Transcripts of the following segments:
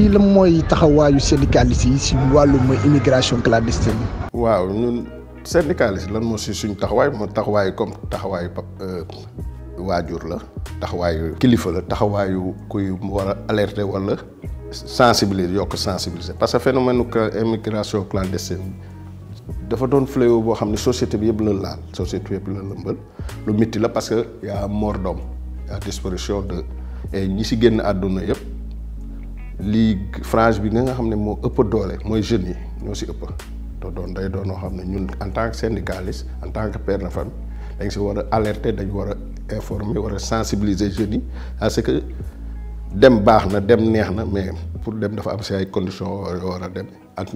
bi la mooy taxawaayu syndicaliste yi si wàllum immigration clandestine bi. waaw ñun syndicaliste lan moo si suñ taxawaay moo taxawaayu comme taxawaayu euh, waajur la taxawaayu kilifa la taxawaayu kuy war alerte alerter wala sensibiliser yokk sensibiliser parce que phénomène immigration clandestine dafa doon fléau boo xam ne société bi yëpp la laal société yëpp la lëmbal lu métti la parce que y a mort d'homme y de ñi si génn àdduna yëpp. lii frange bi nga xam ne moo ëpp doole mooy jeunes yi ñoo si ëpp te doon day doonoo xam ne ñun en tant que syndicaliste en tant que père de famille dañ si war a alerter dañ war a informer war a sensibiliser jeunes yi parce que dem baax na dem neex na mais pour dem dafa am si ay conditions war a dem ak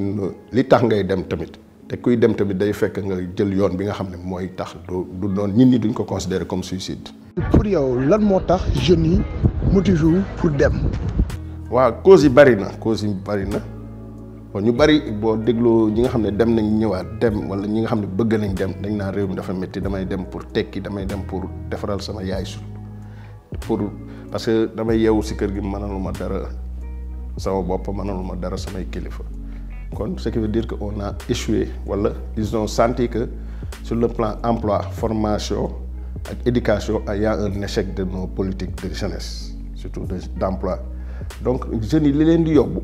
li tax ngay dem tamit te kuy dem tamit day fekk nga jël yoon bi nga xam ne mooy tax du du noonu nit ñi duñ ko considérer comme suicide. pour yow lan moo tax jeunes yi motivé pour dem. waaw causes yi bari na causes yi bari na bon ñu bari boo dégloo ñi nga xam ne dem nañ ñëwaat dem wala ñi nga xam ne bëgg nañ dem dañ naa réew mi dafa métti damay dem pour tekki damay dem pour defaral sama yaay su pour parce que damay yeewu si kër gi ma dara sama bopp ma dara samay kilifa kon ce qui veut dire que on a échoué wala ils ont que sur le plan emploi formation ak éducation il a un échec de nos politiques de jeunesse surtout d'emploi donc jeunes yi li leen di yóbbu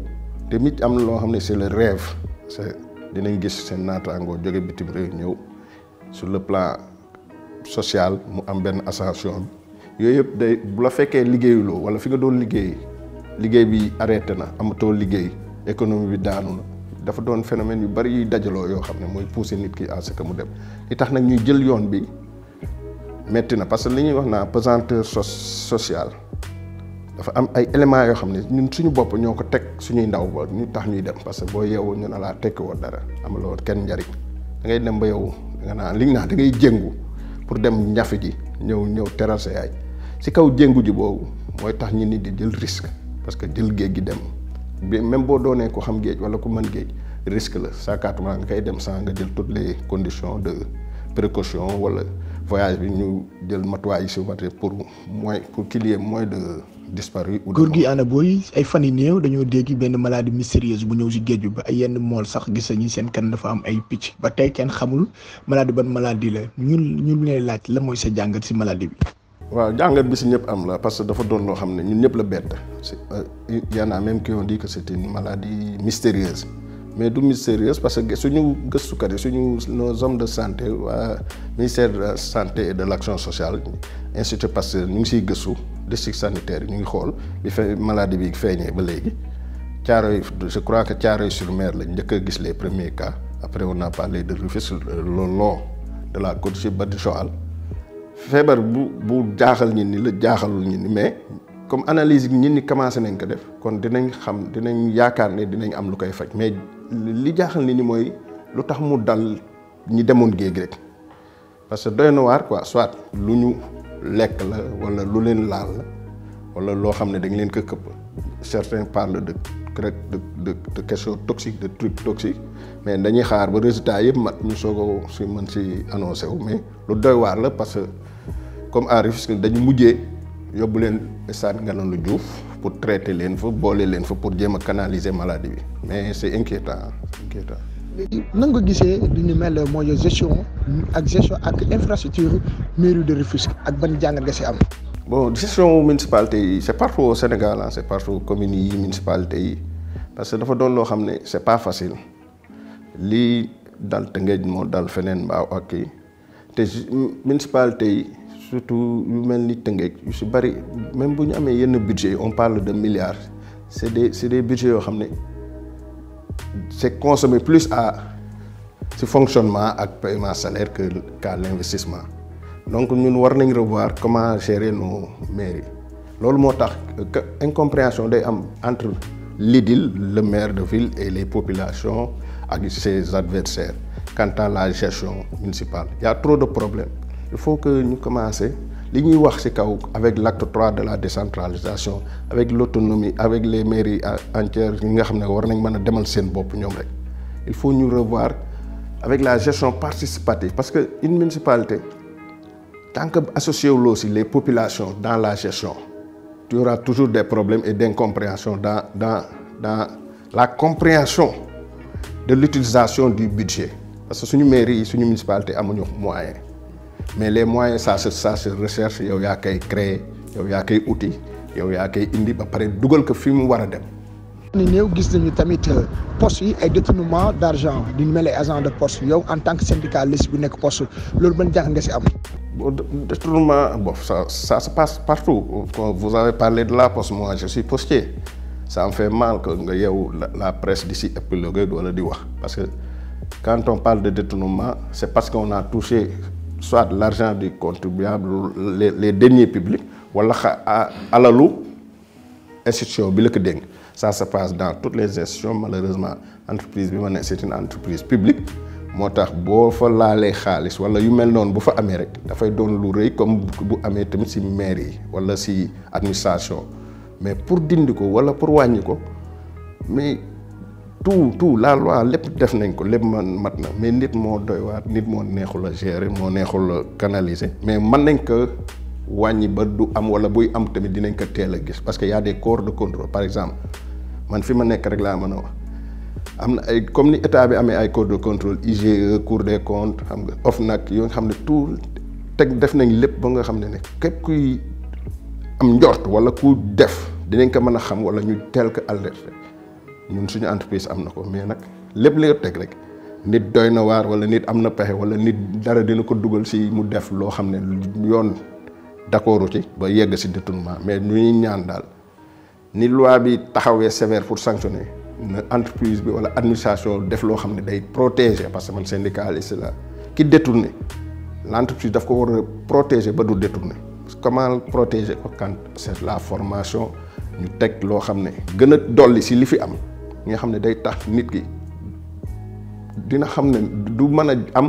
tamit am na loo xam ne c'est le rêve c'est dinañ gis seen naataangoo joge bitim réew ñëw sur le plan sociale mu am benn ascension bi yooyu yëpp day bu la fekkee liggéeyuloo wala fi nga doon liggéey liggéey bi arrêté na amatoo liggéey économie bi daanu na dafa doon phénomène yu bari yuy dajaloo yoo xam ne mooy pousser nit ki à ce que mu dem li tax nag ñuy jël yoon bi metti na parce que li ñuy wax naa pesanteur sociale dafa am ay éléments yoo xam ne ñun suñu bopp ñoo ko teg suñuy ndaw ba ñu tax ñuy dem parce que boo yeewoo ñu ne laa tekki woon dara amaloo kenn njariñ da ngay dem ba yow da nga naan li nga naan da ngay jéngu pour dem ñafe ji ñëw ñëw teral yaay si kaw jéngu ji boobu mooy tax ñu nit di jël risque parce que jël géej gi dem bi même boo doonee ko xam géej wala ku mën géej risque la saakaatuma nga kay dem sans nga jël toutes les conditions de précaution wala voyage bi ñu jël matuwaay yi si pour moins pour qu'il y de disparu góor gi ana booy ay fan yu néew dañoo dégg benn maladie mystérieuse bu ñëw si géej ba ay yenn mool sax gis nañu seen kan dafa am ay picc ba tey kenn xamul maladie ban maladie la ñun ñun lay laaj la mooy sa jàngat si maladie bi. waaw jàngat bi si ñëpp am la parce que dafa doon loo xam ne ñun ñëpp la bett si euh, y en a même qui ont dit que c' était une maladie mystérieuse mais du mystérieuse parce que suñu gëstukat yi suñu nos hommes de santé waa ministère de santé et de l' action sociale institut Pasteur ñu ngi siy gëstu. district sanitaire yi ñu ngi xool bi fe maladie bi feeñee ba léegi Thiaroye je crois que Thiaroye sur mer lañ njëkk a gis les premiers cas après on a parlé de Rufisque le long de la côte si ba di Joal feebar bu bu jaaxal ñi ni la jaaxalul ñi ni mais comme analyse yi ñi ni commencé nañ ko def kon dinañ xam dinañ yaakaar ne dinañ am lu koy faj mais li jaaxal ni ni mooy lu tax mu dal ñi demoon géej rek parce que doy na waar soit lu ñu lekk la wala lu leen laal la wala loo xam ne dañ leen ko këpp certains parlent de de de de quelque toxique de truc toxique mais dañuy xaar ba résultat yëpp mat ñu soog si mën si annoncé wu mais lu doy waar la parce que comme arif dañu mujjee yóbbu leen nga na lu Diouf pour traiter leen fa boole leen fa pour jéem a canaliser maladie bi mais c'est inquiétant inquiétant nan nga gisee li ñu mel mooy gestion ak gestion ak infrastructure mairie de Rufisque ak ban jàngat nga si am. bon gestion municipalité yi c' partout Sénégal ah c' est partout communes yi municipalité yi parce que dafa doon loo xam ne c' est pas facile lii dal Tëngéej moo dal feneen mbaaw ak kii te municipalité yi surtout yu mel ni Tëngéej yu si bëri même bu ñu amee yenn budget on parle de milliards c' est des c' est yoo xam ne. j'ai consommé plus à ci fonctionnement ak paiement salaire que qu'à l'investissement donc ñun war nañ revoir comment gérer nos mairies loolu moo tax incompréhension day am entre l'édile le maire de ville et les populations ak ses adversaires quant à la gestion municipale il y a trop de problèmes il faut que ñu commencer li ñuy wax ci kaw avec l'acte 3 de la décentralisation avec l'autonomie avec les mairies entières yi nga xam ne war nañ mën a demal seen bopp ñoom rek il faut ñu revoir avec la gestion participative parce que une municipalité tant que associé wuloo les populations dans la gestion tu auras toujours des problèmes et d'incompréhension dans dans dans la compréhension de l'utilisation du budget parce que suñu mairie yi suñu municipalité amuñu moyen mais les moyens ça se ça se recherche yow yaa koy créer yow yaa koy outil yow yaa koy indi ba pare dugal ko fi mu war a dem. ni néew gis nañu tamit euh, poste yi ay détournement d' argent di mel ne agent de poste yow en tant que syndicaliste bu nekk poste loolu ban jàng nga si am. détournement bon ça ça se passe partout quand vous avez parlé de la poste moi je suis postier ça me mal que nga yow la presse di si épiloguer wala di wax parce que quand on parle de détournement parce qu'on a touché. soit l'argent du contribuable les les deniers publics wala xa alalu institution bi la ko dénk ça se passe dans toutes les institutions malheureusement entreprise bi ma ne c'est une entreprise publique moo tax boo fa laalee xaalis wala yu mel noonu bu fa amee rek dafay doon lu rëy comme bu amee tamit ci maire yi wala ci administration mais pour dindi ko wala pour wàññi ko tout tout la loi lépp def nañ ko lépp man mat na mais nit moo doy waar nit moo neexul a moo neexul a mais man nañ ko wàññi ba du am wala buy am tamit dinañ ko teel a gis parce que y a des corps de contrôle par exemple man fi ma nekk rek laa mën a wax am na ay comme ni état bi amee ay corps de contrôle IGE Cour des comptes xam nga OFNAC yoo nga xam ne tout teg def nañ lépp ba nga xam ne ne képp kuy am njort wala ku def dinañ ko mën a xam wala ñu teel ko alerter ñun suñu entreprise am na ko mais nag lépp li nga teg rek nit doy na waar wala nit am na pexe wala nit dara dina ko dugal si mu def loo xam ne lu yoon d'accordu ci ba yegg si détournement mais ñu ñuy ñaan daal ni loi bi taxawee sévère pour sanctionner na entreprise bi wala administration def loo xam ne day protéger parce que man syndicaliste la ki détourné l'entreprise daf ko war a ba du détourné comment protéger ko quand c'est la formation ñu teg loo xam ne gën a dolli si li fi am yi nga xam ne day tax nit ki dina xam ne du mën a am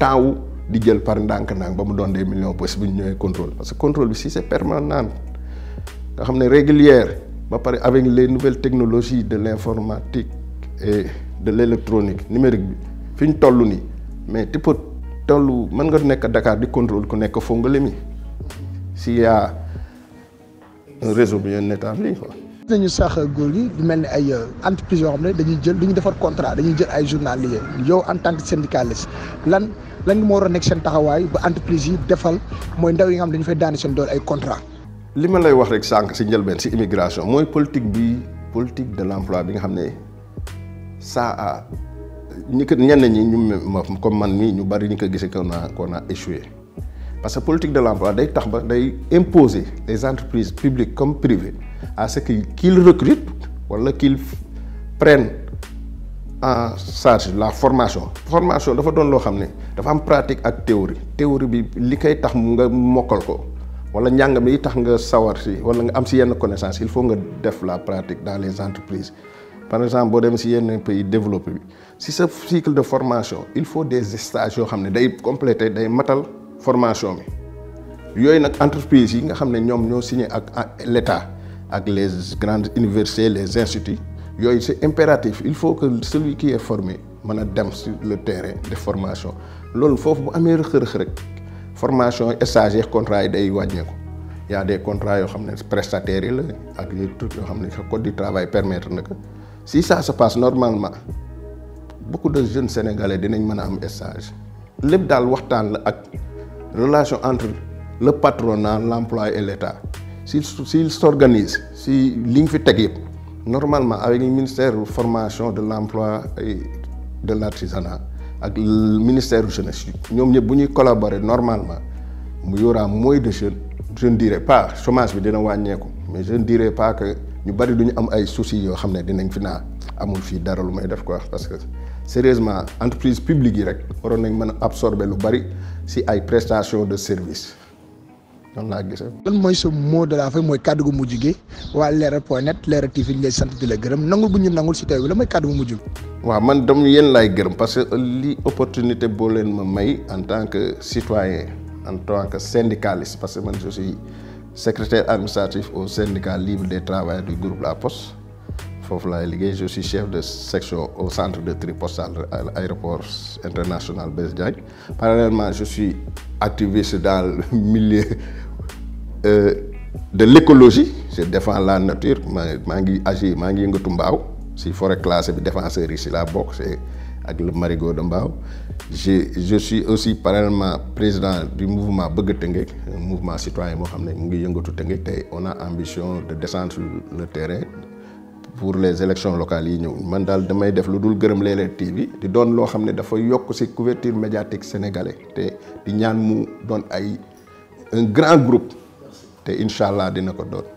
temps di jël par ndànk-ndànk ba mu doon des millions bés bu ñu ñëwee contrôle parce que contrôle bi si c'est permanent nga xam ne régulière ba pare avec les nouvelles technologies de l'informatique et de l'électronique numérique bi fi ñu toll nii mais tu peux toll mën nga nekk Dakar di contrôle ku nekk Fongolemi s'il y a un réseau bien établi quoi. nañu sax góor gi du mel ni ay euh, entreprise yoo xam ne dañuy jël du defar contrat dañuy jël ay journalier yow en tant que syndicaliste lan lan moo war a nekk taxawaay ba entreprise yi defal mooy ndaw yi xam dañu fay daani seen dool ay contrat li ma lay wax rek sànq si njëlbeen si immigration mooy politique bi politique de l'emploi bi nga xam ne ça a ñi ko ñenn ñi ñu comme man mii ñu bari ñu ko gisee qu'on a qu'on a échoué parce que politique de l'emploi day tax ba day imposer les entreprises publiques comme privées à ce que qu'ils recrutent wala qu'ils prennent en charge la formation formation dafa doon loo xam ne dafa am pratique ak théorie théorie bi li koy tax mu nga mokkal ko wala njàng yi tax nga sawar si wala nga am si yenn connaissance il faut nga def la pratique dans les entreprises par exemple boo dem si yenn pays développe bi si sa cycle de formation il faut des stages yoo xam ne day compléter day matal formation bi yooyu nag entreprise yi nga xam ne ñoom ñoo signé ak l'État ak les grandes universités les instituts yooyu c'est impératif il faut que celui qui est formé mën a dem sur le terrain de formation loolu foofu bu amee rëq-rëq rek formation stage yeeg contrat yi day wàññeeku y a des contrats yoo xam ne prestataires yi la ak les yoo xam ne code du travail permettre na que si ça se passe normalement beaucoup de jeune sénégalais dinañ mën a am stage lépp daal waxtaan la ak relation entre le patronat l'emploi et l'État si s'il s'organise si li ñu fi teg yëpp normalement avec le ministère formation de l'emploi et de l'artisanat ak ministère jeunesse ñoom ñëpp bu ñuy collaborer normalement mu yoraa moins de jeunes jeune ne dirais pas bi dina wàññeeku mais je ne dirais pas que ñu bari duñu am ay soucis yoo xam ne dinañ fi naa amul fii dara lu may def quoi parce que sérieusement entreprise publique yi rek waroon nañ mën a absorber lu bari si ay prestation de service noonu laa gisee. lan mooy sa mot de la fin mooy kàddu gu mujj gi waa Leral point net Leral TV ñu lay sant di la gërëm nangul bu ñu nangul si taw bi la mooy kàddu gu mujj gi. waaw man dam yéen laay gërëm parce que li opportunité boo leen ma may en tant que citoyen en tant que syndicaliste parce que man je suis secrétaire administratif au syndicat libre des travailleurs du groupe La Poste. foofu laay liggéey je suis chef de section au centre de tri postal à l'aéroport international Blaise Diagne parallèlement je suis activiste dans le milieu euh, de l'écologie je défends la nature ma maa ngi agir maa ngi yëngatu mbaaw si forêt classée bi défenseur yi si laa bokk c'est ak le marigot de mbaaw je je suis aussi parallèlement président du mouvement Bëgg Tëngéej mouvement citoyen moo xam ne mu ngi yëngatu Tëngéej tey on a ambition de descendre sur le terrain pour les élections locales yi ñëw man daal damay def lu dul gërëm Leral TV di doon loo xam ne dafa yokk ci couverture médiatique sénégalais te di ñaan mu doon ay un grand groupe te incha allah dina ko doon.